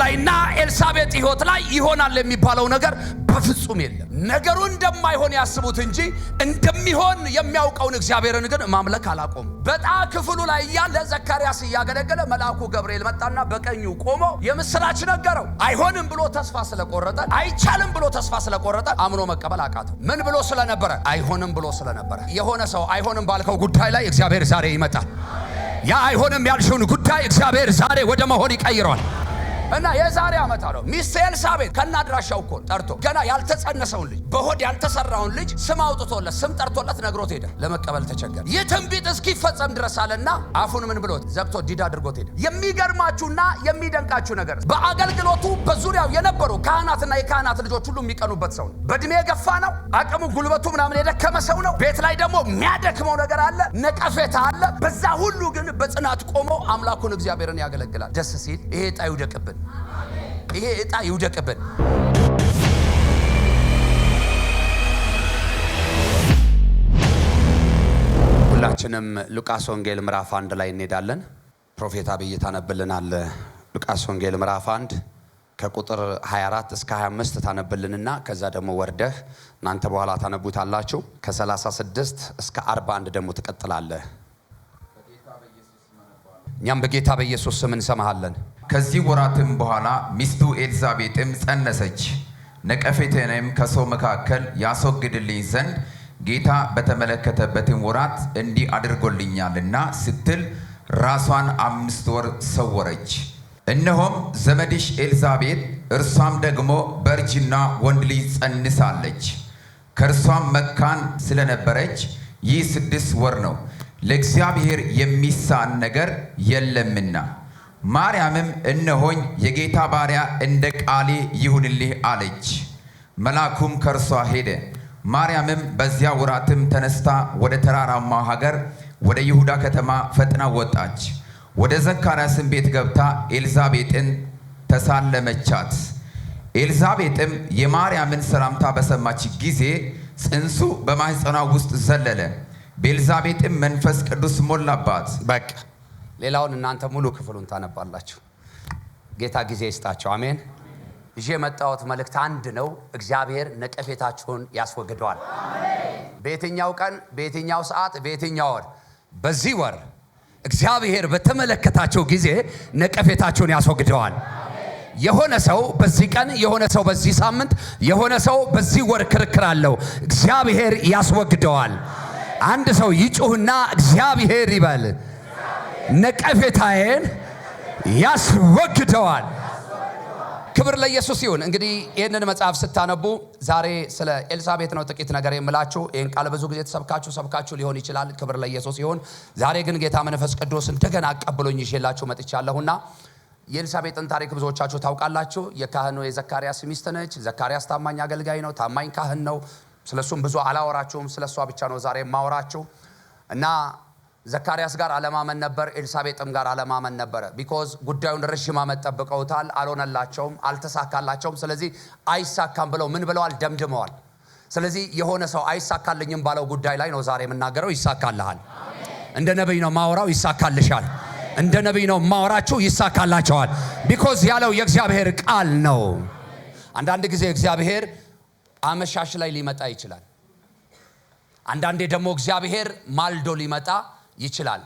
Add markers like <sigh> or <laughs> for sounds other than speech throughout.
ላይና ኤልሳቤጥ ህይወት ላይ ይሆናል የሚባለው ነገር በፍጹም የለም። ነገሩ እንደማይሆን ያስቡት እንጂ እንደሚሆን የሚያውቀውን እግዚአብሔርን ግን ማምለክ አላቆም። በጣ ክፍሉ ላይ እያለ ዘካርያስ እያገለገለ መልአኩ ገብርኤል መጣና በቀኙ ቆሞ የምስራች ነገረው። አይሆንም ብሎ ተስፋ ስለቆረጠ፣ አይቻልም ብሎ ተስፋ ስለቆረጠ አምኖ መቀበል አቃተው። ምን ብሎ ስለነበረ? አይሆንም ብሎ ስለነበረ። የሆነ ሰው አይሆንም ባልከው ጉዳይ ላይ እግዚአብሔር ዛሬ ይመጣል። ያ አይሆንም ያልሽውን ጉዳይ እግዚአብሔር ዛሬ ወደ መሆን ይቀይረዋል። እና የዛሬ ዓመት አለው ሚስት ኤልሳቤጥ ከናድራሻው እኮ ጠርቶ ገና ያልተጸነሰውን ልጅ በሆድ ያልተሰራውን ልጅ ስም አውጥቶለት ስም ጠርቶለት ነግሮት ሄደ። ለመቀበል ተቸገረ። ይህ ትንቢት እስኪፈጸም ድረስ አለና አፉን ምን ብሎት ዘግቶ ዲድ አድርጎት ሄደ። የሚገርማችሁና የሚደንቃችሁ ነገር በአገልግሎቱ በዙሪያው የነበሩ ካህናትና የካህናት ልጆች ሁሉ የሚቀኑበት ሰው ነው። በእድሜ የገፋ ነው። አቅሙ ጉልበቱ ምናምን የደከመ ሰው ነው። ቤት ላይ ደግሞ የሚያደክመው ነገር አለ፣ ነቀፌታ አለ። በዛ ሁሉ ግን በጽናት ቆሞ አምላኩን እግዚአብሔርን ያገለግላል። ደስ ሲል ይሄ ጣይ ይውደቅብን። ይውደቅብን፣ ይሄ እጣ ይውደቅብን። ሁላችንም ሉቃስ ወንጌል ምዕራፍ አንድ ላይ እንሄዳለን። ፕሮፌት አብይ ታነብልናል። ሉቃስ ወንጌል ምዕራፍ አንድ ከቁጥር 24 እስከ 25 ታነብልንና ከዛ ደግሞ ወርደህ እናንተ በኋላ ታነቡታላችሁ። ከ36 እስከ 41 ደግሞ ትቀጥላለህ። እኛም በጌታ በኢየሱስ ስም እንሰማሃለን። ከዚህ ወራትም በኋላ ሚስቱ ኤልሳቤጥም ጸነሰች። ነቀፌቴንም ከሰው መካከል ያስወግድልኝ ዘንድ ጌታ በተመለከተበትም ወራት እንዲህ አድርጎልኛልና ስትል ራሷን አምስት ወር ሰወረች። እነሆም ዘመድሽ ኤልሳቤጥ እርሷም ደግሞ በእርጅና ወንድ ልጅ ጸንሳለች። ከእርሷም መካን ስለነበረች ይህ ስድስት ወር ነው፣ ለእግዚአብሔር የሚሳን ነገር የለምና ማርያምም እነሆኝ የጌታ ባሪያ እንደ ቃሌ ይሁንልህ አለች። መልአኩም ከእርሷ ሄደ። ማርያምም በዚያ ውራትም ተነስታ ወደ ተራራማ ሀገር ወደ ይሁዳ ከተማ ፈጥና ወጣች። ወደ ዘካርያስን ቤት ገብታ ኤልዛቤጥን ተሳለመቻት። ኤልዛቤጥም የማርያምን ሰላምታ በሰማች ጊዜ ጽንሱ በማህፀኗ ውስጥ ዘለለ። በኤልዛቤጥም መንፈስ ቅዱስ ሞላባት። በቃ ሌላውን እናንተ ሙሉ ክፍሉን ታነባላችሁ። ጌታ ጊዜ ይስጣቸው። አሜን። ይዤ የመጣሁት መልእክት አንድ ነው። እግዚአብሔር ነቀፌታችሁን ያስወግደዋል። በየትኛው ቀን፣ በየትኛው ሰዓት፣ በየትኛው ወር? በዚህ ወር እግዚአብሔር በተመለከታቸው ጊዜ ነቀፌታችሁን ያስወግደዋል። የሆነ ሰው በዚህ ቀን፣ የሆነ ሰው በዚህ ሳምንት፣ የሆነ ሰው በዚህ ወር ክርክር አለው። እግዚአብሔር ያስወግደዋል። አንድ ሰው ይጩህና እግዚአብሔር ይበል ነቀፌታዬን ያስወግደዋል። ክብር ለኢየሱስ ይሁን። እንግዲህ ይህንን መጽሐፍ ስታነቡ ዛሬ ስለ ኤልሳቤት ነው ጥቂት ነገር የምላችሁ። ይህን ቃል ብዙ ጊዜ ተሰብካችሁ ሰብካችሁ ሊሆን ይችላል። ክብር ለኢየሱስ ይሁን። ዛሬ ግን ጌታ መንፈስ ቅዱስ እንደገና አቀብሎኝ ይዤላችሁ መጥቻለሁና የኤልሳቤጥን ታሪክ ብዙዎቻችሁ ታውቃላችሁ። የካህኑ የዘካርያስ ሚስት ነች። ዘካርያስ ታማኝ አገልጋይ ነው፣ ታማኝ ካህን ነው። ስለሱም ብዙ አላወራችሁም። ስለሷ ብቻ ነው ዛሬ የማወራችሁ እና ዘካርያስ ጋር አለማመን ነበር፣ ኤልሳቤጥም ጋር አለማመን ነበረ። ቢኮዝ ጉዳዩን ረዥም ዓመት ጠብቀውታል፣ አልሆነላቸውም፣ አልተሳካላቸውም። ስለዚህ አይሳካም ብለው ምን ብለዋል? ደምድመዋል። ስለዚህ የሆነ ሰው አይሳካልኝም ባለው ጉዳይ ላይ ነው ዛሬ የምናገረው። ይሳካልሃል። እንደ ነቢይ ነው ማወራው። ይሳካልሻል። እንደ ነቢይ ነው ማወራችሁ። ይሳካላቸዋል። ቢኮዝ ያለው የእግዚአብሔር ቃል ነው። አንዳንድ ጊዜ እግዚአብሔር አመሻሽ ላይ ሊመጣ ይችላል። አንዳንዴ ደግሞ እግዚአብሔር ማልዶ ሊመጣ ይችላል።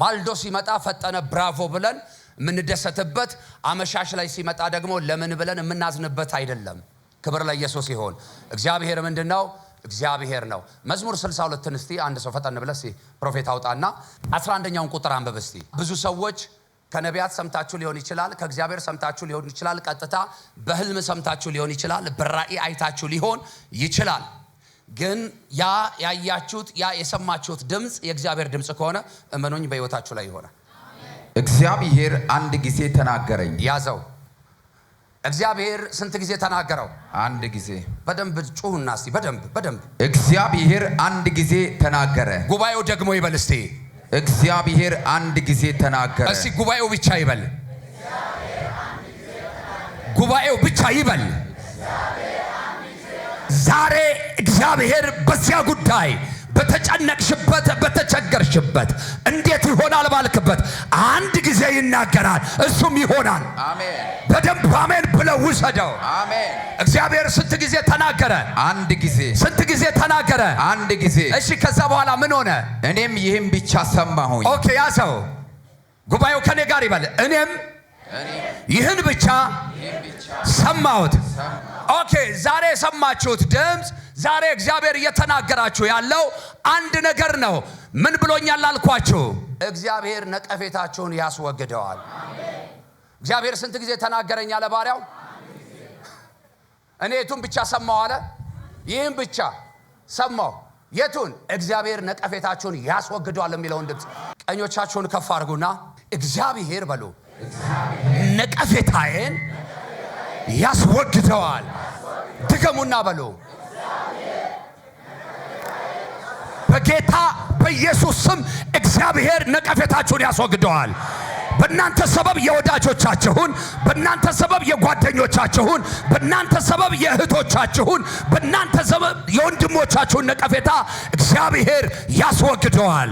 ማልዶ ሲመጣ ፈጠነ ብራቮ ብለን የምንደሰትበት፣ አመሻሽ ላይ ሲመጣ ደግሞ ለምን ብለን የምናዝንበት አይደለም። ክብር ለኢየሱስ ይሆን። እግዚአብሔር ምንድን ነው? እግዚአብሔር ነው። መዝሙር 62ን እስቲ አንድ ሰው ፈጠን ብለ ፕሮፌት አውጣና 11ኛውን ቁጥር አንብብ እስቲ። ብዙ ሰዎች ከነቢያት ሰምታችሁ ሊሆን ይችላል፣ ከእግዚአብሔር ሰምታችሁ ሊሆን ይችላል፣ ቀጥታ በህልም ሰምታችሁ ሊሆን ይችላል፣ በራእይ አይታችሁ ሊሆን ይችላል። ግን ያ ያያችሁት ያ የሰማችሁት ድምፅ የእግዚአብሔር ድምፅ ከሆነ እመኖኝ በሕይወታችሁ ላይ ይሆናል። እግዚአብሔር አንድ ጊዜ ተናገረኝ። ያዘው። እግዚአብሔር ስንት ጊዜ ተናገረው? አንድ ጊዜ። በደንብ ጩሁና እስቲ በደንብ በደንብ። እግዚአብሔር አንድ ጊዜ ተናገረ። ጉባኤው ደግሞ ይበል እስቲ። እግዚአብሔር አንድ ጊዜ ተናገረ። እስቲ ጉባኤው ብቻ ይበል። ጉባኤው ብቻ ይበል። ዛሬ እግዚአብሔር በዚያ ጉዳይ በተጨነቅሽበት በተቸገርሽበት እንዴት ይሆናል ባልክበት አንድ ጊዜ ይናገራል፣ እሱም ይሆናል። በደንብ አሜን ብለው ውሰደው። እግዚአብሔር ስንት ጊዜ ተናገረ? አንድ ጊዜ። ስንት ጊዜ ተናገረ? አንድ ጊዜ። እሺ፣ ከዛ በኋላ ምን ሆነ? እኔም ይህም ብቻ ሰማሁኝ። ኦኬ፣ ያ ሰው ጉባኤው ከኔ ጋር ይበል። እኔም ይህን ብቻ ሰማሁት ኦኬ፣ ዛሬ የሰማችሁት ድምፅ ዛሬ እግዚአብሔር እየተናገራችሁ ያለው አንድ ነገር ነው። ምን ብሎኛል አልኳችሁ? እግዚአብሔር ነቀፌታችሁን ያስወግደዋል። እግዚአብሔር ስንት ጊዜ ተናገረኝ አለ ባሪያው። እኔ የቱን ብቻ ሰማሁ አለ? ይህም ብቻ ሰማሁ። የቱን? እግዚአብሔር ነቀፌታችሁን ያስወግደዋል የሚለውን ድምፅ። ቀኞቻችሁን ከፍ አድርጉና እግዚአብሔር በሉ ነቀፌታዬን ያስወግደዋል። ድገሙና በሉ በጌታ በኢየሱስ ስም እግዚአብሔር ነቀፌታችሁን ያስወግደዋል። በእናንተ ሰበብ የወዳጆቻችሁን፣ በእናንተ ሰበብ የጓደኞቻችሁን፣ በእናንተ ሰበብ የእህቶቻችሁን፣ በእናንተ ሰበብ የወንድሞቻችሁን ነቀፌታ እግዚአብሔር ያስወግደዋል።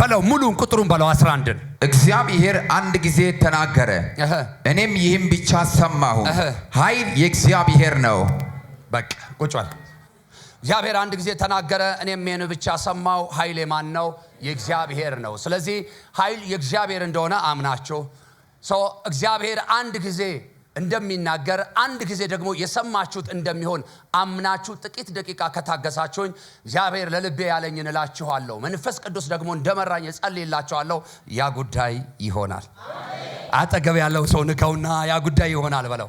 በለው ሙሉን ቁጥሩን በለው 11ን እግዚአብሔር አንድ ጊዜ ተናገረ፣ እኔም ይህም ብቻ ሰማሁ፣ ኃይል የእግዚአብሔር ነው። በቃ ቁጭል እግዚአብሔር አንድ ጊዜ ተናገረ፣ እኔም ይህን ብቻ ሰማሁ፣ ኃይል የማን ነው? የእግዚአብሔር ነው። ስለዚህ ኃይል የእግዚአብሔር እንደሆነ አምናችሁ እግዚአብሔር አንድ ጊዜ እንደሚናገር አንድ ጊዜ ደግሞ የሰማችሁት እንደሚሆን አምናችሁ ጥቂት ደቂቃ ከታገሳችሁኝ እግዚአብሔር ለልቤ ያለኝ እላችኋለሁ። መንፈስ ቅዱስ ደግሞ እንደመራኝ እጸልይላችኋለሁ። ያ ጉዳይ ይሆናል። አጠገብ ያለው ሰው ንከውና ያ ጉዳይ ይሆናል በለው።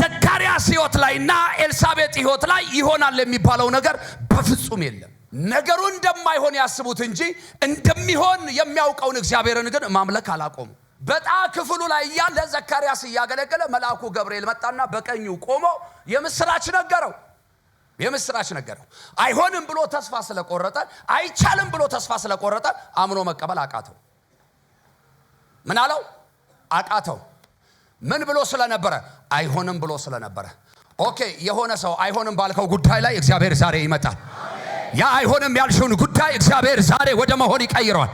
ዘካርያስ ሕይወት ላይ እና ኤልሳቤጥ ሕይወት ላይ ይሆናል የሚባለው ነገር በፍጹም የለም። ነገሩ እንደማይሆን ያስቡት እንጂ እንደሚሆን የሚያውቀውን እግዚአብሔርን ግን ማምለክ አላቆሙ። በጣ ክፍሉ ላይ እያለ ዘካርያስ እያገለገለ መልአኩ ገብርኤል መጣና በቀኙ ቆሞ የምስራች ነገረው። የምስራች ነገረው። አይሆንም ብሎ ተስፋ ስለቆረጠ፣ አይቻልም ብሎ ተስፋ ስለቆረጠ አምኖ መቀበል አቃተው። ምን አለው? አቃተው። ምን ብሎ ስለነበረ? አይሆንም ብሎ ስለነበረ። ኦኬ፣ የሆነ ሰው አይሆንም ባልከው ጉዳይ ላይ እግዚአብሔር ዛሬ ይመጣል። ያ አይሆንም ያልሽውን ጉዳይ እግዚአብሔር ዛሬ ወደ መሆን ይቀይረዋል።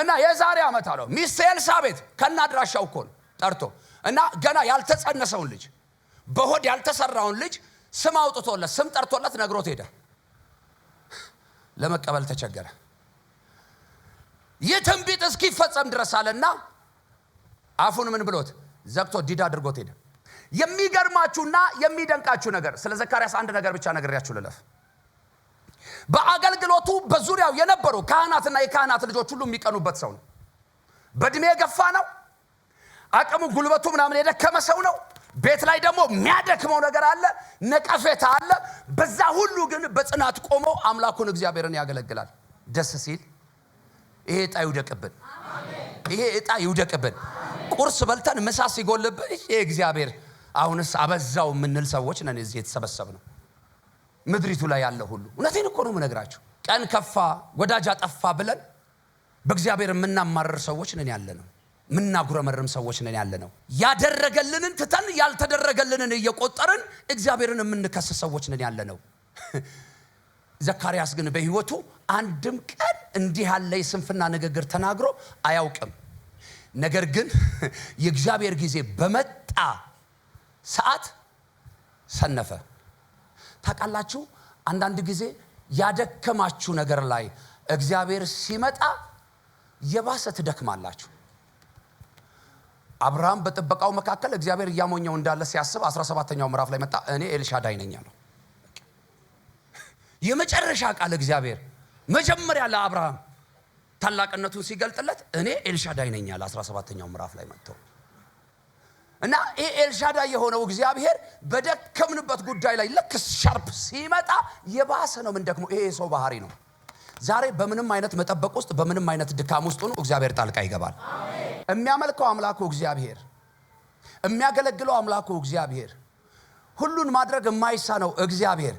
እና የዛሬ ዓመት አለው ሚስት ኤልሳቤት ከናድራሻው እኮ ነው ጠርቶ እና ገና ያልተጸነሰውን ልጅ በሆድ ያልተሰራውን ልጅ ስም አውጥቶለት ስም ጠርቶለት ነግሮት ሄደ። ለመቀበል ተቸገረ። ይህ ትንቢት እስኪፈጸም ድረስ አለና አፉን ምን ብሎት ዘግቶ ዲድ አድርጎት ሄደ። የሚገርማችሁና የሚደንቃችሁ ነገር ስለ ዘካርያስ አንድ ነገር ብቻ ነግሬያችሁ ልለፍ። በአገልግሎቱ በዙሪያው የነበሩ ካህናትና የካህናት ልጆች ሁሉ የሚቀኑበት ሰው ነው። በእድሜ የገፋ ነው። አቅሙ ጉልበቱ ምናምን የደከመ ሰው ነው። ቤት ላይ ደግሞ የሚያደክመው ነገር አለ፣ ነቀፌታ አለ። በዛ ሁሉ ግን በጽናት ቆሞ አምላኩን እግዚአብሔርን ያገለግላል። ደስ ሲል ይሄ ዕጣ ይውደቅብን፣ ይሄ ዕጣ ይውደቅብን። ቁርስ በልተን ምሳ ሲጎልብን ይሄ እግዚአብሔር አሁንስ አበዛው የምንል ሰዎች ነን። እዚህ የተሰበሰብ ነው ምድሪቱ ላይ ያለ ሁሉ እውነቴን እኮ ነው የምነግራችሁ። ቀን ከፋ ወዳጅ አጠፋ ብለን በእግዚአብሔር የምናማረር ሰዎች ነን ያለ ነው። የምናጉረመርም ሰዎች ነን ያለ ነው። ያደረገልንን ትተን ያልተደረገልንን እየቆጠርን እግዚአብሔርን የምንከስ ሰዎች ነን ያለ ነው። <laughs> ዘካርያስ ግን በሕይወቱ አንድም ቀን እንዲህ ያለ የስንፍና ንግግር ተናግሮ አያውቅም። ነገር ግን <laughs> የእግዚአብሔር ጊዜ በመጣ ሰዓት ሰነፈ። ታውቃላችሁ፣ አንዳንድ ጊዜ ያደከማችሁ ነገር ላይ እግዚአብሔር ሲመጣ የባሰ ትደክማላችሁ። አብርሃም በጥበቃው መካከል እግዚአብሔር እያሞኘው እንዳለ ሲያስብ 17ኛው ምዕራፍ ላይ መጣ። እኔ ኤልሻዳይ ነኝ አለው። የመጨረሻ ቃል እግዚአብሔር መጀመሪያ ለአብርሃም ታላቅነቱን ሲገልጥለት እኔ ኤልሻዳይ ነኝ አለ 17ኛው ምዕራፍ ላይ መጥተው እና ኤልሻዳ የሆነው እግዚአብሔር በደከምንበት ጉዳይ ላይ ልክ ሻርፕ ሲመጣ የባሰ ነው። ምን ደግሞ ይሄ ሰው ባህሪ ነው። ዛሬ በምንም አይነት መጠበቅ ውስጥ በምንም አይነት ድካም ውስጥ ሆኖ እግዚአብሔር ጣልቃ ይገባል። የሚያመልከው አምላኩ እግዚአብሔር፣ የሚያገለግለው አምላኩ እግዚአብሔር፣ ሁሉን ማድረግ የማይሳነው እግዚአብሔር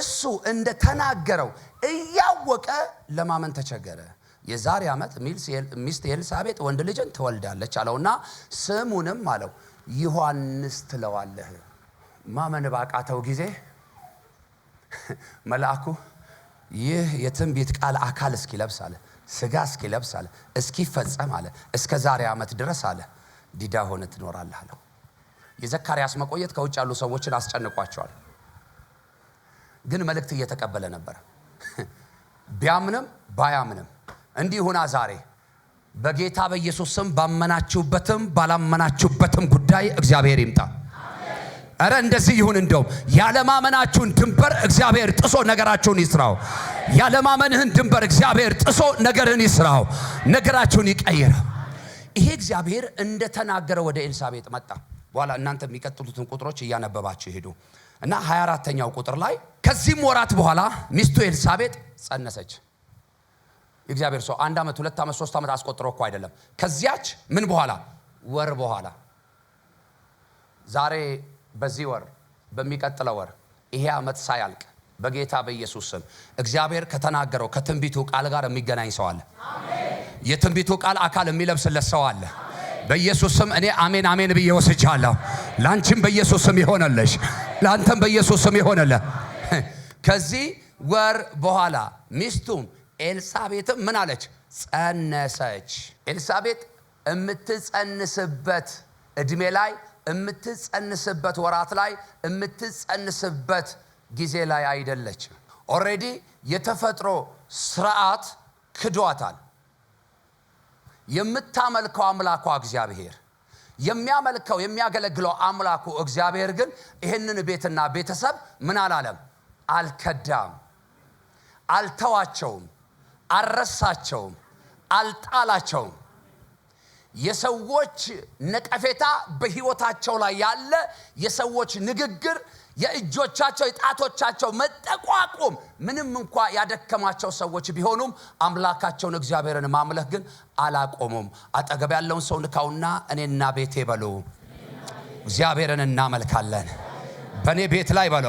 እሱ እንደተናገረው እያወቀ ለማመን ተቸገረ። የዛሬ ዓመት ሚስት ኤልሳቤጥ ወንድ ልጅን ትወልዳለች አለውና ስሙንም አለው ዮሐንስ ትለዋለህ። ማመን ባቃተው ጊዜ <laughs> መልአኩ ይህ የትንቢት ቃል አካል እስኪለብስ አለ፣ ስጋ እስኪለብስ አለ፣ እስኪፈጸም አለ፣ እስከ ዛሬ ዓመት ድረስ አለ ዲዳ ሆነ ትኖራለህ አለው። የዘካርያስ መቆየት ከውጭ ያሉ ሰዎችን አስጨንቋቸዋል። ግን መልእክት እየተቀበለ ነበር። <laughs> ቢያምንም ባያምንም እንዲሁና ሁና ዛሬ በጌታ በኢየሱስ ስም ባመናችሁበትም ባላመናችሁበትም ጉዳይ እግዚአብሔር ይምጣ። እረ እንደዚህ ይሁን። እንደውም ያለማመናችሁን ድንበር እግዚአብሔር ጥሶ ነገራችሁን ይስራው። ያለማመንህን ድንበር እግዚአብሔር ጥሶ ነገርን ይስራው። ነገራችሁን ይቀይር። ይሄ እግዚአብሔር እንደተናገረ ወደ ኤልሳቤጥ መጣ። በኋላ እናንተ የሚቀጥሉትን ቁጥሮች እያነበባችሁ ሄዱ እና 24ተኛው ቁጥር ላይ ከዚህም ወራት በኋላ ሚስቱ ኤልሳቤጥ ጸነሰች። እግዚአብሔር ሰው አንድ ዓመት ሁለት ዓመት ሶስት ዓመት አስቆጥሮ እኮ አይደለም። ከዚያች ምን በኋላ ወር በኋላ ዛሬ በዚህ ወር በሚቀጥለው ወር ይሄ ዓመት ሳያልቅ በጌታ በኢየሱስ ስም እግዚአብሔር ከተናገረው ከትንቢቱ ቃል ጋር የሚገናኝ ሰው አለ። የትንቢቱ ቃል አካል የሚለብስለት ሰው አለ። በኢየሱስ ስም እኔ አሜን አሜን ብዬ ወስጃለሁ። ለአንቺም በኢየሱስ ስም ይሆነልሽ፣ ለአንተም በኢየሱስ ስም ይሆነልህ። ከዚህ ወር በኋላ ሚስቱም ኤልሳቤትም ምን አለች? ጸነሰች። ኤልሳቤት የምትጸንስበት እድሜ ላይ የምትጸንስበት ወራት ላይ የምትጸንስበት ጊዜ ላይ አይደለችም። ኦሬዲ የተፈጥሮ ስርዓት ክዷታል። የምታመልከው አምላኳ እግዚአብሔር የሚያመልከው የሚያገለግለው አምላኩ እግዚአብሔር ግን ይህንን ቤትና ቤተሰብ ምን አላለም? አልከዳም፣ አልተዋቸውም። አልረሳቸውም፣ አልጣላቸውም። የሰዎች ነቀፌታ በህይወታቸው ላይ ያለ የሰዎች ንግግር፣ የእጆቻቸው የጣቶቻቸው መጠቋቁም ምንም እንኳ ያደከማቸው ሰዎች ቢሆኑም አምላካቸውን እግዚአብሔርን ማምለክ ግን አላቆሙም። አጠገብ ያለውን ሰው ንካውና እኔና ቤቴ በሉ እግዚአብሔርን እናመልካለን። በእኔ ቤት ላይ በለ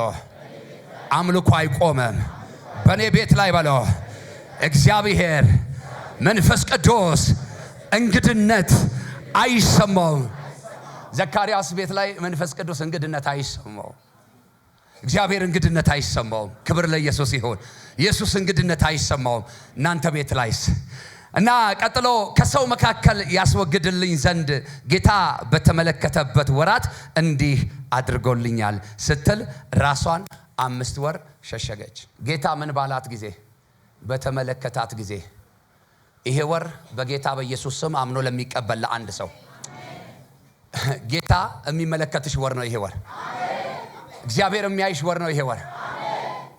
አምልኮ አይቆምም። በእኔ ቤት ላይ በለ። እግዚአብሔር መንፈስ ቅዱስ እንግድነት አይሰማውም። ዘካርያስ ቤት ላይ መንፈስ ቅዱስ እንግድነት አይሰማው። እግዚአብሔር እንግድነት አይሰማውም። ክብር ለኢየሱስ ይሁን። ኢየሱስ እንግድነት አይሰማውም። እናንተ ቤት ላይስ? እና ቀጥሎ ከሰው መካከል ያስወግድልኝ ዘንድ ጌታ በተመለከተበት ወራት እንዲህ አድርጎልኛል ስትል ራሷን አምስት ወር ሸሸገች። ጌታ ምን ባላት ጊዜ በተመለከታት ጊዜ ይሄ ወር በጌታ በኢየሱስ ስም አምኖ ለሚቀበል ለአንድ ሰው ጌታ የሚመለከትሽ ወር ነው። ይሄ ወር እግዚአብሔር የሚያይሽ ወር ነው። ይሄ ወር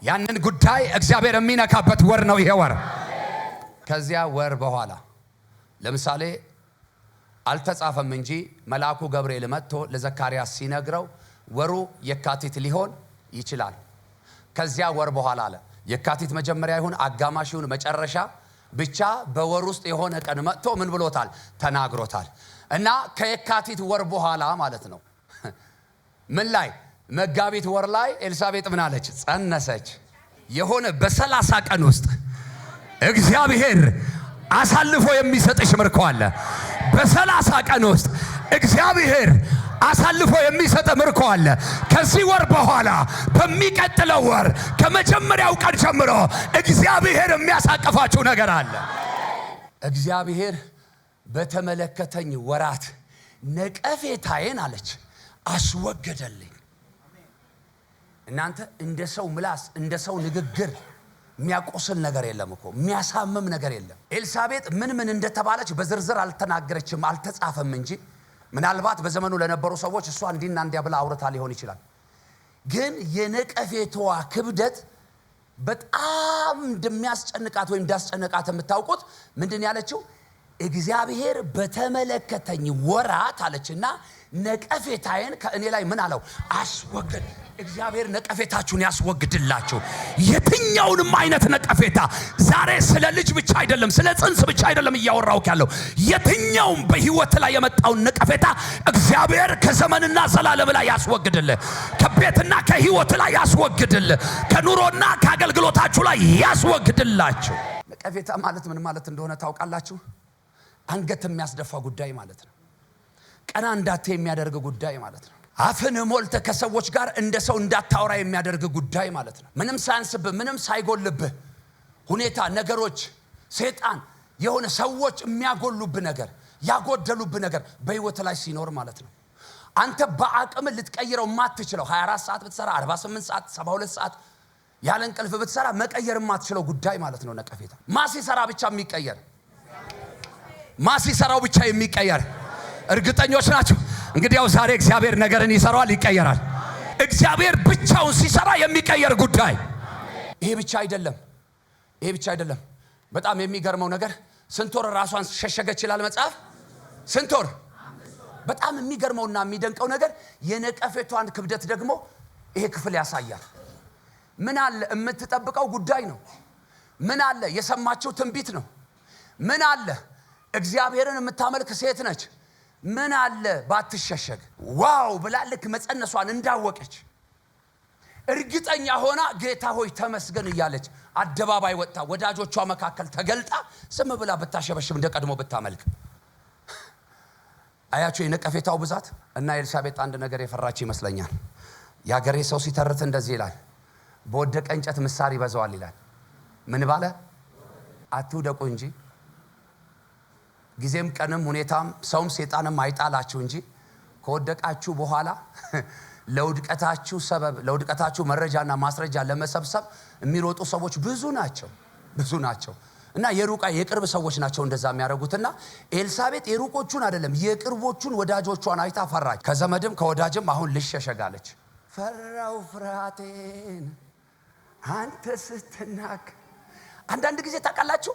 ያንን ጉዳይ እግዚአብሔር የሚነካበት ወር ነው። ይሄ ወር ከዚያ ወር በኋላ ለምሳሌ አልተጻፈም እንጂ መልአኩ ገብርኤል መጥቶ ለዘካርያስ ሲነግረው ወሩ የካቲት ሊሆን ይችላል። ከዚያ ወር በኋላ አለ የካቲት መጀመሪያ ይሁን አጋማሽ ይሁን መጨረሻ ብቻ በወር ውስጥ የሆነ ቀን መጥቶ ምን ብሎታል? ተናግሮታል። እና ከየካቲት ወር በኋላ ማለት ነው <laughs> ምን ላይ መጋቢት ወር ላይ ኤልሳቤጥ ምን አለች? ጸነሰች። የሆነ በሰላሳ ቀን ውስጥ እግዚአብሔር አሳልፎ የሚሰጥሽ ምርኮ አለ። በሰላሳ ቀን ውስጥ እግዚአብሔር አሳልፎ የሚሰጥ ምርኮ አለ። ከዚህ ወር በኋላ በሚቀጥለው ወር ከመጀመሪያው ቀን ጀምሮ እግዚአብሔር የሚያሳቅፋችሁ ነገር አለ። እግዚአብሔር በተመለከተኝ ወራት ነቀፌታዬን አለች አስወገደልኝ። እናንተ እንደ ሰው ምላስ እንደ ሰው ንግግር የሚያቆስል ነገር የለም እኮ የሚያሳምም ነገር የለም። ኤልሳቤጥ ምን ምን እንደተባለች በዝርዝር አልተናገረችም፣ አልተጻፈም እንጂ ምናልባት በዘመኑ ለነበሩ ሰዎች እሷ እንዲና እንዲያ ብላ አውርታ ሊሆን ይችላል። ግን የነቀፌቷ ክብደት በጣም እንደሚያስጨንቃት ወይም እንዳስጨንቃት የምታውቁት ምንድን ያለችው እግዚአብሔር በተመለከተኝ ወራት አለችና ነቀፌታዬን ከእኔ ላይ ምን አለው አስወግድ። እግዚአብሔር ነቀፌታችሁን ያስወግድላችሁ። የትኛውንም አይነት ነቀፌታ ዛሬ ስለ ልጅ ብቻ አይደለም፣ ስለ ጽንስ ብቻ አይደለም እያወራውክ ያለው የትኛውም በህይወት ላይ የመጣውን ነቀፌታ እግዚአብሔር ከዘመንና ዘላለም ላይ ያስወግድል ከቤትና ከህይወት ላይ ያስወግድል ከኑሮና ከአገልግሎታችሁ ላይ ያስወግድላችሁ። ነቀፌታ ማለት ምን ማለት እንደሆነ ታውቃላችሁ? አንገት የሚያስደፋ ጉዳይ ማለት ነው። ቀና እንዳት የሚያደርግ ጉዳይ ማለት ነው። አፍን ሞልተ ከሰዎች ጋር እንደ ሰው እንዳታወራ የሚያደርግ ጉዳይ ማለት ነው። ምንም ሳያንስብህ፣ ምንም ሳይጎልብህ ሁኔታ፣ ነገሮች፣ ሴጣን የሆነ ሰዎች የሚያጎሉብህ ነገር ያጎደሉብህ ነገር በህይወት ላይ ሲኖር ማለት ነው። አንተ በአቅም ልትቀይረው ማትችለው 24 ሰዓት ብትሰራ 48 ሰዓት 72 ሰዓት ያለ እንቅልፍ ብትሰራ መቀየር የማትችለው ጉዳይ ማለት ነው። ነቀፌታ ማሲሰራ ብቻ የሚቀየር ማሲሰራው ብቻ የሚቀየር እርግጠኞች ናችሁ? እንግዲያው ዛሬ እግዚአብሔር ነገርን ይሰራዋል፣ ይቀየራል። እግዚአብሔር ብቻውን ሲሰራ የሚቀየር ጉዳይ። ይሄ ብቻ አይደለም፣ ይሄ ብቻ አይደለም። በጣም የሚገርመው ነገር ስንት ወር ራሷን ሸሸገች ይላል መጽሐፍ። ስንት ወር በጣም የሚገርመውና የሚደንቀው ነገር የነቀፌቷን ክብደት ደግሞ ይሄ ክፍል ያሳያል። ምን አለ የምትጠብቀው ጉዳይ ነው። ምን አለ የሰማችው ትንቢት ነው። ምን አለ እግዚአብሔርን የምታመልክ ሴት ነች። ምን አለ ባትሸሸግ። ዋው ብላ ልክ መጸነሷን እንዳወቀች እርግጠኛ ሆና ጌታ ሆይ ተመስገን እያለች አደባባይ ወጥታ ወዳጆቿ መካከል ተገልጣ ስም ብላ ብታሸበሽብ እንደ ቀድሞ ብታመልክ አያቸው የነቀፌታው ብዛት እና ኤልሳቤጥ አንድ ነገር የፈራች ይመስለኛል። የአገሬ ሰው ሲተርት እንደዚህ ይላል፣ በወደቀ እንጨት ምሳር ይበዛዋል ይላል። ምን ባለ አትውደቁ እንጂ ጊዜም ቀንም ሁኔታም ሰውም ሴጣንም አይጣላችሁ እንጂ ከወደቃችሁ በኋላ <laughs> ለውድቀታችሁ ሰበብ ለውድቀታችሁ መረጃና ማስረጃ ለመሰብሰብ የሚሮጡ ሰዎች ብዙ ናቸው፣ ብዙ ናቸው እና የሩቃ የቅርብ ሰዎች ናቸው እንደዛ የሚያደርጉትና ኤልሳቤጥ የሩቆቹን አይደለም የቅርቦቹን ወዳጆቿን አይታ ፈራች። ከዘመድም ከወዳጅም አሁን ልሸሸጋለች። ፈራው ፍርሃቴን አንተ ስትናገር አንዳንድ ጊዜ ታውቃላችሁ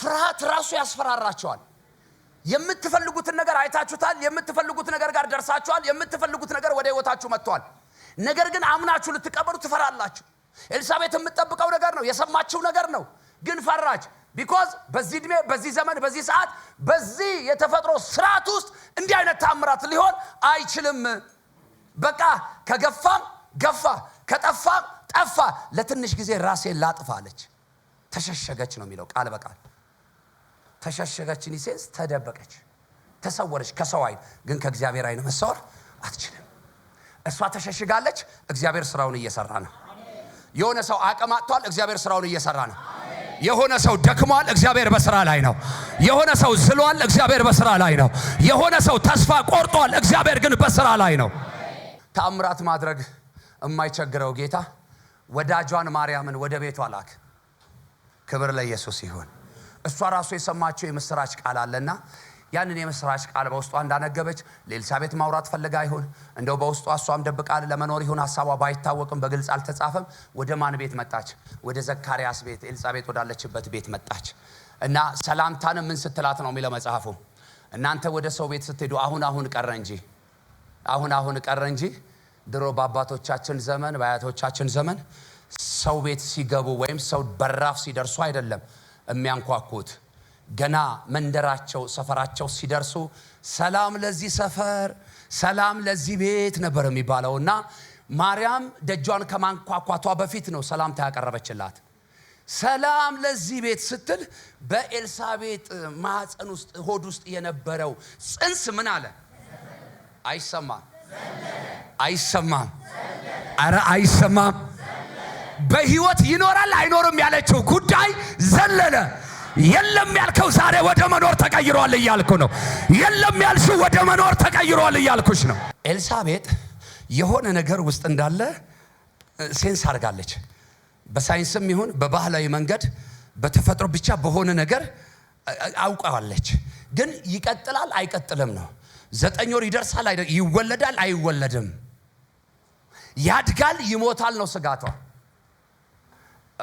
ፍርሃት ራሱ ያስፈራራቸዋል። የምትፈልጉትን ነገር አይታችሁታል። የምትፈልጉት ነገር ጋር ደርሳችኋል። የምትፈልጉት ነገር ወደ ህይወታችሁ መጥቷል። ነገር ግን አምናችሁ ልትቀበሉ ትፈራላችሁ። ኤልሳቤት የምትጠብቀው ነገር ነው፣ የሰማችው ነገር ነው፣ ግን ፈራች። ቢኮዝ በዚህ እድሜ በዚህ ዘመን፣ በዚህ ሰዓት፣ በዚህ የተፈጥሮ ስርዓት ውስጥ እንዲህ አይነት ታምራት ሊሆን አይችልም። በቃ ከገፋም ገፋ፣ ከጠፋም ጠፋ። ለትንሽ ጊዜ ራሴን ላጥፋ አለች። ተሸሸገች ነው የሚለው ቃል በቃል ተሸሸገች ሴንስ ተደበቀች፣ ተሰወረች። ከሰው አይን ግን ከእግዚአብሔር አይን መሰወር አትችልም። እሷ ተሸሽጋለች፣ እግዚአብሔር ስራውን እየሰራ ነው። የሆነ ሰው አቅም አጥቷል፣ እግዚአብሔር ስራውን እየሰራ ነው። የሆነ ሰው ደክሟል፣ እግዚአብሔር በስራ ላይ ነው። የሆነ ሰው ዝሏል፣ እግዚአብሔር በስራ ላይ ነው። የሆነ ሰው ተስፋ ቆርጧል፣ እግዚአብሔር ግን በስራ ላይ ነው። ተአምራት ማድረግ የማይቸግረው ጌታ ወዳጇን ማርያምን ወደ ቤቷ ላክ። ክብር ለኢየሱስ ይሁን። እሷ ራሱ የሰማቸው የምስራች ቃል አለና ያንን የምስራች ቃል በውስጧ እንዳነገበች ለኤልሳቤት ማውራት ፈልጋ ይሆን እንደው በውስጧ እሷም ደብቃ ለመኖር ይሁን ሀሳቧ ባይታወቅም በግልጽ አልተጻፈም። ወደ ማን ቤት መጣች? ወደ ዘካርያስ ቤት፣ ኤልሳቤት ወዳለችበት ቤት መጣች እና ሰላምታን ምን ስትላት ነው የሚለው መጽሐፉ። እናንተ ወደ ሰው ቤት ስትሄዱ አሁን አሁን ቀረ እንጂ አሁን አሁን ቀረ እንጂ ድሮ በአባቶቻችን ዘመን በአያቶቻችን ዘመን ሰው ቤት ሲገቡ ወይም ሰው በራፍ ሲደርሱ አይደለም የሚያንኳኩት ገና መንደራቸው ሰፈራቸው ሲደርሱ ሰላም ለዚህ ሰፈር፣ ሰላም ለዚህ ቤት ነበር የሚባለው እና ማርያም ደጇን ከማንኳኳቷ በፊት ነው ሰላምታ ያቀረበችላት። ሰላም ለዚህ ቤት ስትል በኤልሳቤጥ ማኅፀን ውስጥ ሆድ ውስጥ የነበረው ጽንስ ምን አለ? አይሰማም፣ አይሰማም፣ ኧረ አይሰማም በህይወት ይኖራል አይኖርም ያለችው ጉዳይ ዘለለ። የለም ያልከው ዛሬ ወደ መኖር ተቀይሯል እያልኩ ነው። የለም ያልሽው ወደ መኖር ተቀይሯል እያልኩሽ ነው። ኤልሳቤጥ የሆነ ነገር ውስጥ እንዳለ ሴንስ አድርጋለች። በሳይንስም ይሁን በባህላዊ መንገድ በተፈጥሮ ብቻ በሆነ ነገር አውቀዋለች። ግን ይቀጥላል አይቀጥልም ነው። ዘጠኝ ወር ይደርሳል፣ ይወለዳል፣ አይወለድም፣ ያድጋል፣ ይሞታል ነው ስጋቷ።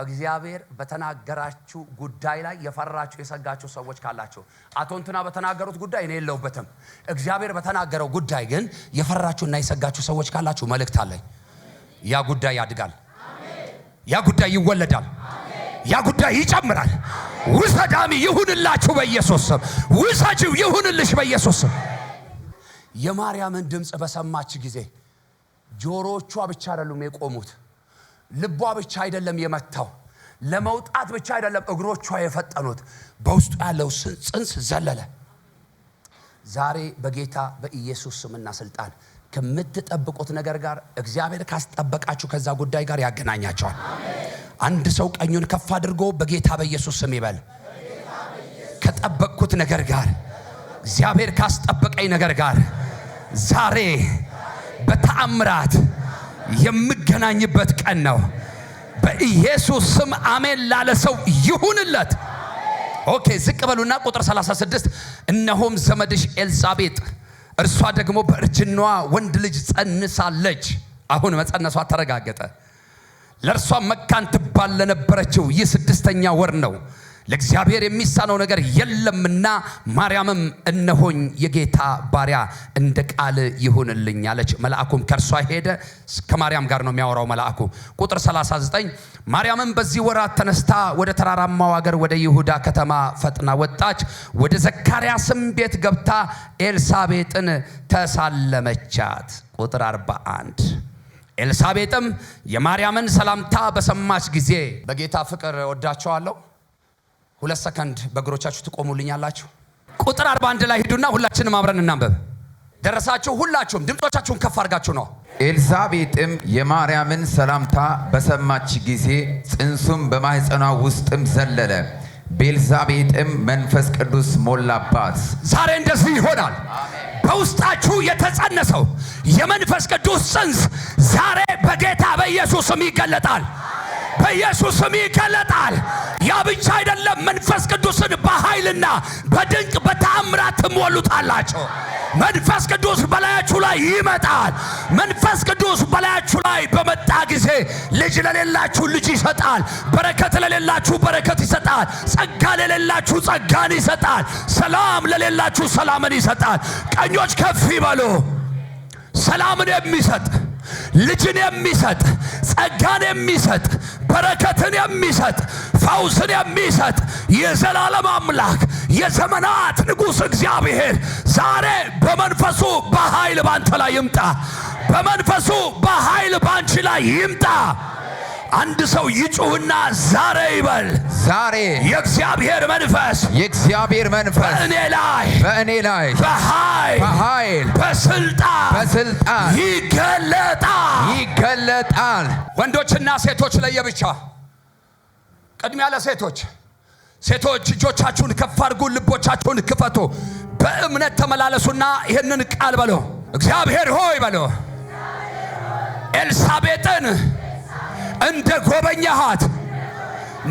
እግዚአብሔር በተናገራችሁ ጉዳይ ላይ የፈራችሁ የሰጋችሁ ሰዎች ካላችሁ፣ አቶ እንትና በተናገሩት ጉዳይ እኔ የለውበትም። እግዚአብሔር በተናገረው ጉዳይ ግን የፈራችሁና የሰጋችሁ ሰዎች ካላችሁ መልእክት አለኝ። ያ ጉዳይ ያድጋል፣ ያ ጉዳይ ይወለዳል፣ ያ ጉዳይ ይጨምራል። ውሰዳሚ ይሁንላችሁ በኢየሱስ ስም፣ ውሰጂው ይሁንልሽ በኢየሱስ ስም። የማርያምን ድምፅ በሰማች ጊዜ ጆሮቿ ብቻ አይደሉም የቆሙት ልቧ ብቻ አይደለም የመታው ለመውጣት ብቻ አይደለም እግሮቿ የፈጠኑት፣ በውስጡ ያለው ጽንስ ዘለለ። ዛሬ በጌታ በኢየሱስ ስምና ስልጣን ከምትጠብቁት ነገር ጋር እግዚአብሔር ካስጠበቃችሁ ከዛ ጉዳይ ጋር ያገናኛቸዋል። አንድ ሰው ቀኙን ከፍ አድርጎ በጌታ በኢየሱስ ስም ይበል። ከጠበቅኩት ነገር ጋር እግዚአብሔር ካስጠበቀኝ ነገር ጋር ዛሬ በተአምራት የም የምንገናኝበት ቀን ነው። በኢየሱስ ስም አሜን ላለ ሰው ይሁንለት። ኦኬ ዝቅ በሉና ቁጥር 36 እነሆም ዘመድሽ ኤልሳቤጥ እርሷ ደግሞ በእርጅኗ ወንድ ልጅ ጸንሳለች። አሁን መጸነሷ ተረጋገጠ። ለእርሷ መካን ትባል ለነበረችው ይህ ስድስተኛ ወር ነው። ለእግዚአብሔር የሚሳነው ነገር የለምና ማርያምም እነሆኝ የጌታ ባሪያ እንደ ቃል ይሁንልኝ አለች። መልአኩም ከእርሷ ሄደ። ከማርያም ጋር ነው የሚያወራው መልአኩ። ቁጥር 39 ማርያምም በዚህ ወራት ተነስታ ወደ ተራራማው አገር ወደ ይሁዳ ከተማ ፈጥና ወጣች። ወደ ዘካርያስም ቤት ገብታ ኤልሳቤጥን ተሳለመቻት። ቁጥር 41 ኤልሳቤጥም የማርያምን ሰላምታ በሰማች ጊዜ በጌታ ፍቅር ወዳቸዋለሁ ሁለት ሰከንድ በእግሮቻችሁ ትቆሙልኛላችሁ። ቁጥር አርባ አንድ ላይ ሂዱና ሁላችንም አብረን እናንበብ። ደረሳችሁ? ሁላችሁም ድምጾቻችሁን ከፍ አድርጋችሁ ነው። ኤልዛቤጥም የማርያምን ሰላምታ በሰማች ጊዜ ጽንሱም በማህፀኗ ውስጥም ዘለለ። በኤልሳቤጥም መንፈስ ቅዱስ ሞላባት። ዛሬ እንደዚህ ይሆናል። በውስጣችሁ የተጸነሰው የመንፈስ ቅዱስ ጽንስ ዛሬ በጌታ በኢየሱስም ይገለጣል። በኢየሱስ ስም ይገለጣል። ያ ብቻ አይደለም፣ መንፈስ ቅዱስን በኃይልና በድንቅ በተአምራት ትሞሉታላችሁ። መንፈስ ቅዱስ በላያችሁ ላይ ይመጣል። መንፈስ ቅዱስ በላያችሁ ላይ በመጣ ጊዜ ልጅ ለሌላችሁ ልጅ ይሰጣል። በረከት ለሌላችሁ በረከት ይሰጣል። ጸጋ ለሌላችሁ ጸጋን ይሰጣል። ሰላም ለሌላችሁ ሰላምን ይሰጣል። ቀኞች ከፍ ይበሉ። ሰላምን የሚሰጥ ልጅን የሚሰጥ ጸጋን የሚሰጥ በረከትን የሚሰጥ ፈውስን የሚሰጥ የዘላለም አምላክ የዘመናት ንጉሥ እግዚአብሔር ዛሬ በመንፈሱ በኃይል ባንተ ላይ ይምጣ። በመንፈሱ በኃይል ባንቺ ላይ ይምጣ። አንድ ሰው ይጩህና ዛሬ ይበል። ዛሬ የእግዚአብሔር መንፈስ የእግዚአብሔር መንፈስ በእኔ ላይ በእኔ ላይ በኃይል በኃይል በስልጣን በስልጣን ይገለጣል ይገለጣል። ወንዶችና ሴቶች ለየብቻ ቅድሚያ ለሴቶች ሴቶች እጆቻችሁን ከፍ አድርጉ፣ ልቦቻችሁን ክፈቱ፣ በእምነት ተመላለሱና ይህንን ቃል በለው። እግዚአብሔር ሆይ በለው ኤልሳቤጥን እንደ ጎበኘሃት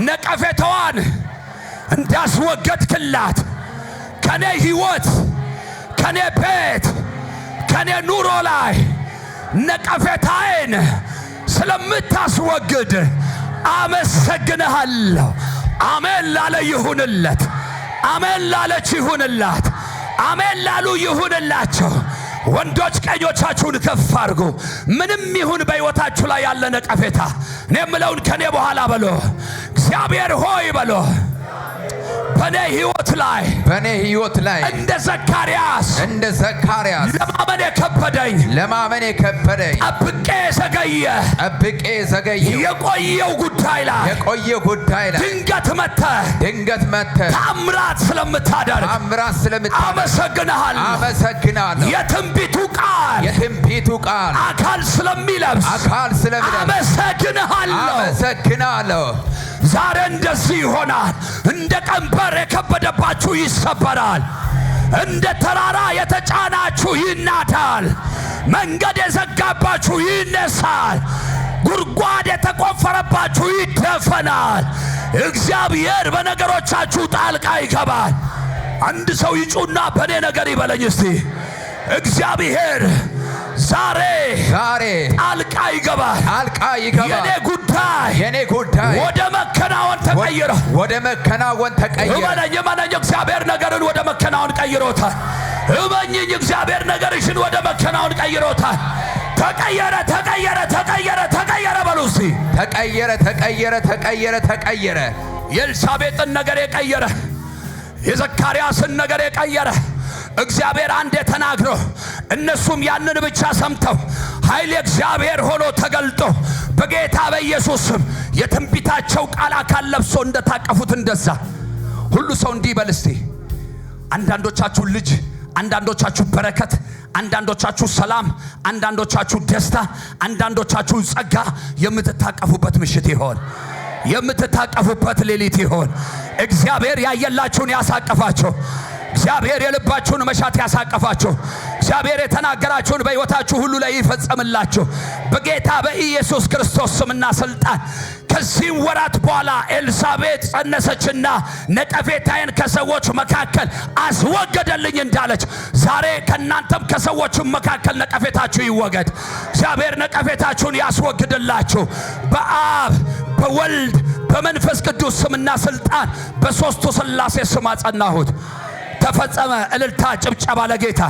ነቀፌታዋን እንዳስወገድክላት ከኔ ሕይወት ከኔ ቤት ከኔ ኑሮ ላይ ነቀፌታዬን ስለምታስወግድ አመሰግንሃለሁ። አሜን ላለ ይሁንለት። አሜን ላለች ይሁንላት። አሜን ላሉ ይሁንላቸው። ወንዶች ቀኞቻችሁን ከፍ አድርጉ። ምንም ይሁን በሕይወታችሁ ላይ ያለ ነቀፌታ እኔ የምለውን ከኔ በኋላ በሎ እግዚአብሔር ሆይ በሎ በኔ ህይወት ላይ በእኔ ህይወት ላይ እንደ ዘካርያስ እንደ ዘካርያስ ለማመን የከበደኝ ለማመን የከበደኝ ጠብቄ ዘገየ ጠብቄ ዘገየ የቆየው ጉዳይ ላይ የቆየው ጉዳይ ላይ ድንገት መተ ድንገት መተ ታምራት ስለምታደርግ ታምራት ስለምታደርግ አመሰግናለሁ አመሰግናለሁ የትንቢቱ ቃል የትንቢቱ ቃል አካል ስለሚለብስ አካል ስለሚለብስ አመሰግናለሁ አመሰግናለሁ ዛሬ እንደዚህ ይሆናል። እንደ ቀንበር የከበደባችሁ ይሰበራል። እንደ ተራራ የተጫናችሁ ይናዳል። መንገድ የዘጋባችሁ ይነሳል። ጉድጓድ የተቆፈረባችሁ ይደፈናል። እግዚአብሔር በነገሮቻችሁ ጣልቃ ይገባል። አንድ ሰው ይጩና በእኔ ነገር ይበለኝ እስቲ እግዚአብሔር ዛሬ ዛሬ ጣልቃ ይገባል ጣልቃ ይገባል። የኔ ጉዳይ የኔ ጉዳይ ወደ መከናወን ተቀይረ ወደ መከናወን ተቀይረ። እመነኝ እመነኝ፣ እግዚአብሔር ነገርን ወደ መከናወን ቀይሮታል። እመኝኝ፣ እግዚአብሔር ነገርሽን ወደ መከናወን ቀይሮታል። ተቀየረ ተቀየረ ተቀየረ ተቀየረ በሉ እስቲ ተቀየረ ተቀየረ ተቀየረ ተቀየረ። የኤልሳቤጥን ነገር የቀየረ የዘካርያስን ነገር የቀየረ እግዚአብሔር አንዴ ተናግሮ እነሱም ያንን ብቻ ሰምተው ኃይል እግዚአብሔር ሆኖ ተገልጦ በጌታ በኢየሱስ የትንቢታቸው ቃል አካል ለብሶ እንደታቀፉት እንደዛ ሁሉ ሰው እንዲህ ይበል እስቲ። አንዳንዶቻችሁ ልጅ፣ አንዳንዶቻችሁ በረከት፣ አንዳንዶቻችሁ ሰላም፣ አንዳንዶቻችሁ ደስታ፣ አንዳንዶቻችሁ ጸጋ የምትታቀፉበት ምሽት ይሆን የምትታቀፉበት ሌሊት ይሆን። እግዚአብሔር ያየላችሁን ያሳቀፋቸው እግዚአብሔር የልባችሁን መሻት ያሳቀፋችሁ፣ እግዚአብሔር የተናገራችሁን በሕይወታችሁ ሁሉ ላይ ይፈጸምላችሁ በጌታ በኢየሱስ ክርስቶስ ስምና ስልጣን። ከዚህም ወራት በኋላ ኤልሳቤጥ ጸነሰችና ነቀፌታዬን ከሰዎች መካከል አስወገደልኝ እንዳለች ዛሬ ከእናንተም ከሰዎችም መካከል ነቀፌታችሁ ይወገድ። እግዚአብሔር ነቀፌታችሁን ያስወግድላችሁ በአብ በወልድ በመንፈስ ቅዱስ ስምና ስልጣን በሦስቱ ሥላሴ ስም አጸናሁት። ተፈጸመ። እልልታ ጭብጨባ ለጌታ